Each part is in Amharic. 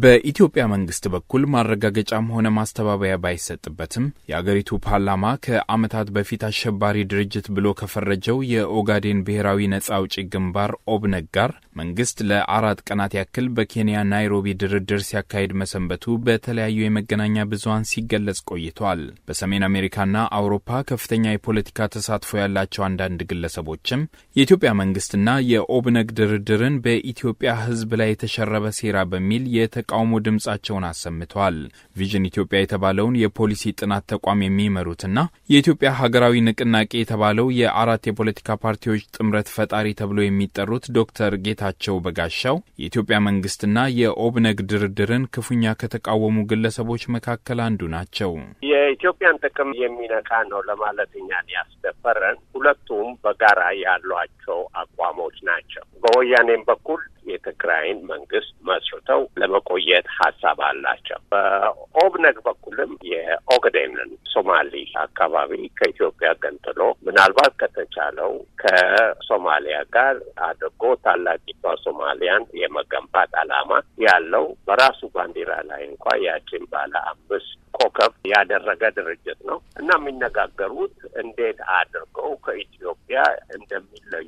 በኢትዮጵያ መንግስት በኩል ማረጋገጫም ሆነ ማስተባበያ ባይሰጥበትም የአገሪቱ ፓርላማ ከዓመታት በፊት አሸባሪ ድርጅት ብሎ ከፈረጀው የኦጋዴን ብሔራዊ ነጻ አውጪ ግንባር ኦብነግ ጋር መንግስት ለአራት ቀናት ያክል በኬንያ ናይሮቢ ድርድር ሲያካሂድ መሰንበቱ በተለያዩ የመገናኛ ብዙሀን ሲገለጽ ቆይቷል። በሰሜን አሜሪካና አውሮፓ ከፍተኛ የፖለቲካ ተሳትፎ ያላቸው አንዳንድ ግለሰቦችም የኢትዮጵያ መንግስትና የኦብነግ ድርድርን በኢትዮጵያ ሕዝብ ላይ የተሸረበ ሴራ በሚል የተቃውሞ ድምጻቸውን አሰምተዋል። ቪዥን ኢትዮጵያ የተባለውን የፖሊሲ ጥናት ተቋም የሚመሩትና የኢትዮጵያ ሀገራዊ ንቅናቄ የተባለው የአራት የፖለቲካ ፓርቲዎች ጥምረት ፈጣሪ ተብሎ የሚጠሩት ዶክተር ጌታ ጌታቸው በጋሻው የኢትዮጵያ መንግስትና የኦብነግ ድርድርን ክፉኛ ከተቃወሙ ግለሰቦች መካከል አንዱ ናቸው። የኢትዮጵያን ጥቅም የሚነካ ነው ለማለት እኛን ያስደፈረን ሁለቱም በጋራ ያሏቸው አቋሞች ናቸው። በወያኔም በኩል የትግራይን መንግስት መስርተው ለመቆየት ሀሳብ አላቸው። በኦብነግ በኩልም የኦግዴንን ሶማሌ አካባቢ ከኢትዮጵያ ገንጥሎ ምናልባት ከተቻለው ከሶማሊያ ጋር አድርጎ ታላቂቷ ሶማሊያን የመገንባት አላማ ያለው በራሱ ባንዲራ ላይ እንኳ ያችን ባለ አምስት ኮከብ ያደረገ ድርጅት ነው እና የሚነጋገሩት እንዴት አድርገው ከኢትዮጵያ እንደሚለዩ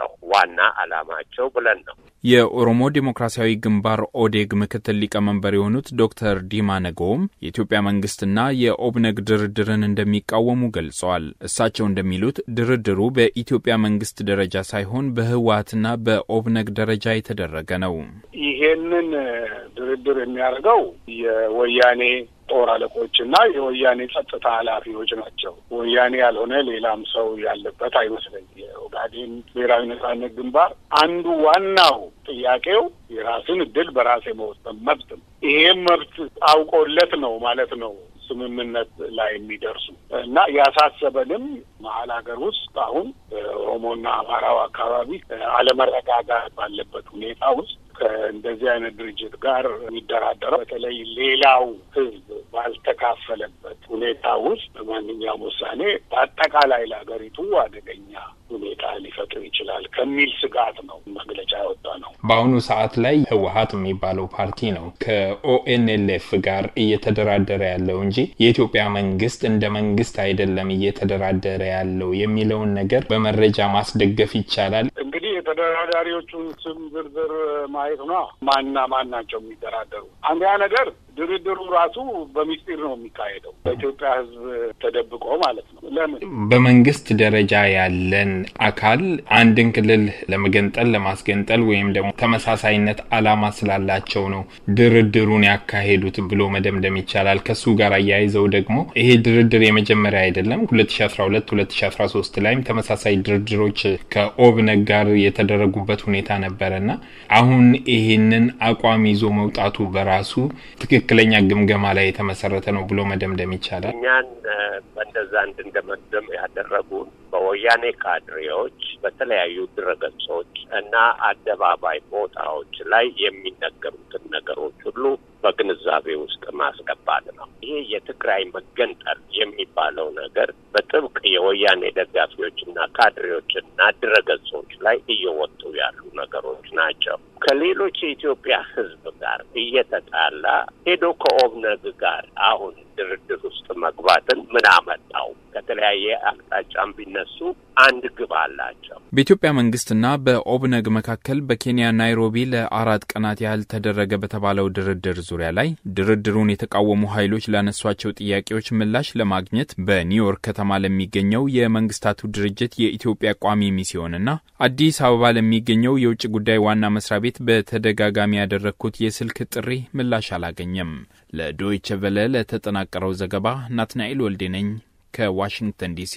ነው ዋና አላማቸው ብለን ነው። የኦሮሞ ዴሞክራሲያዊ ግንባር ኦዴግ ምክትል ሊቀመንበር የሆኑት ዶክተር ዲማ ነገዎም የኢትዮጵያ መንግስትና የኦብነግ ድርድርን እንደሚቃወሙ ገልጸዋል። እሳቸው እንደሚሉት ድርድሩ በኢትዮጵያ መንግስት ደረጃ ሳይሆን በህወሀትና በኦብነግ ደረጃ የተደረገ ነው። ይሄንን ድርድር የሚያደርገው የወያኔ ጦር አለቆች እና የወያኔ ጸጥታ ኃላፊዎች ናቸው። ወያኔ ያልሆነ ሌላም ሰው ያለበት አይመስለኝ። የኦጋዴን ብሔራዊ ነጻነት ግንባር አንዱ ዋናው ጥያቄው የራስን እድል በራሴ የመወሰን መብት ነው። ይሄም መብት አውቆለት ነው ማለት ነው ስምምነት ላይ የሚደርሱ እና ያሳሰበንም መሀል ሀገር ውስጥ አሁን ኦሮሞና አማራው አካባቢ አለመረጋጋት ባለበት ሁኔታ ውስጥ ከእንደዚህ አይነት ድርጅት ጋር የሚደራደረው በተለይ ሌላው ህዝብ ባልተካፈለበት ሁኔታ ውስጥ በማንኛውም ውሳኔ በአጠቃላይ ለሀገሪቱ አደገኛ ሁኔታ ሊፈጥር ይችላል ከሚል ስጋት ነው መግለጫ ያወጣ ነው። በአሁኑ ሰዓት ላይ ህወሀት የሚባለው ፓርቲ ነው ከኦኤንኤልኤፍ ጋር እየተደራደረ ያለው እንጂ የኢትዮጵያ መንግስት እንደ መንግስት አይደለም እየተደራደረ ያለው የሚለውን ነገር በመረጃ ማስደገፍ ይቻላል። ተደራዳሪዎቹን ስም ዝርዝር ማየት ነ ማንና ማን ናቸው የሚደራደሩ? አንደኛ ነገር ድርድሩ ራሱ በሚስጢር ነው የሚካሄደው በኢትዮጵያ ሕዝብ ተደብቆ ማለት ነው። ለምን በመንግስት ደረጃ ያለን አካል አንድን ክልል ለመገንጠል ለማስገንጠል ወይም ደግሞ ተመሳሳይነት አላማ ስላላቸው ነው ድርድሩን ያካሄዱት ብሎ መደምደም ይቻላል። ከሱ ጋር አያይዘው ደግሞ ይሄ ድርድር የመጀመሪያ አይደለም። ሁለት ሺ አስራ ሁለት ሁለት ሺ አስራ ሶስት ላይም ተመሳሳይ ድርድሮች ከኦብነግ ጋር የተደረጉበት ሁኔታ ነበረና አሁን ይሄንን አቋም ይዞ መውጣቱ በራሱ ትክክለኛ ግምገማ ላይ የተመሰረተ ነው ብሎ መደምደም ይቻላል። እኛን እንደዛ እንድንገመግም ያደረጉን በወያኔ ካድሬዎች በተለያዩ ድረገጾች እና አደባባይ ቦታዎች ላይ የሚነገሩትን ነገሮች ሁሉ በግንዛቤ ውስጥ ማስገባት ነው። ይሄ የትግራይ መገንጠል የሚባለው ነገር በጥብቅ የወያኔ ደጋፊዎች እና ካድሬዎች እና ድረገጾች ላይ እየወጡ ያሉ ነገሮች ናቸው። ከሌሎች የኢትዮጵያ ሕዝብ ጋር እየተጣላ ሄዶ ከኦብነግ ጋር አሁን ድርድር ውስጥ መግባት በተለያየ አቅጣጫም ቢነሱ አንድ ግብ አላቸው። በኢትዮጵያ መንግስትና በኦብነግ መካከል በኬንያ ናይሮቢ ለአራት ቀናት ያህል ተደረገ በተባለው ድርድር ዙሪያ ላይ ድርድሩን የተቃወሙ ኃይሎች ላነሷቸው ጥያቄዎች ምላሽ ለማግኘት በኒውዮርክ ከተማ ለሚገኘው የመንግስታቱ ድርጅት የኢትዮጵያ ቋሚ ሚስዮንና አዲስ አበባ ለሚገኘው የውጭ ጉዳይ ዋና መስሪያ ቤት በተደጋጋሚ ያደረግኩት የስልክ ጥሪ ምላሽ አላገኘም። ለዶይቸ ቨለ ለተጠናቀረው ዘገባ ናትናኤል ወልዴ ነኝ። ከዋሽንግተን ዲሲ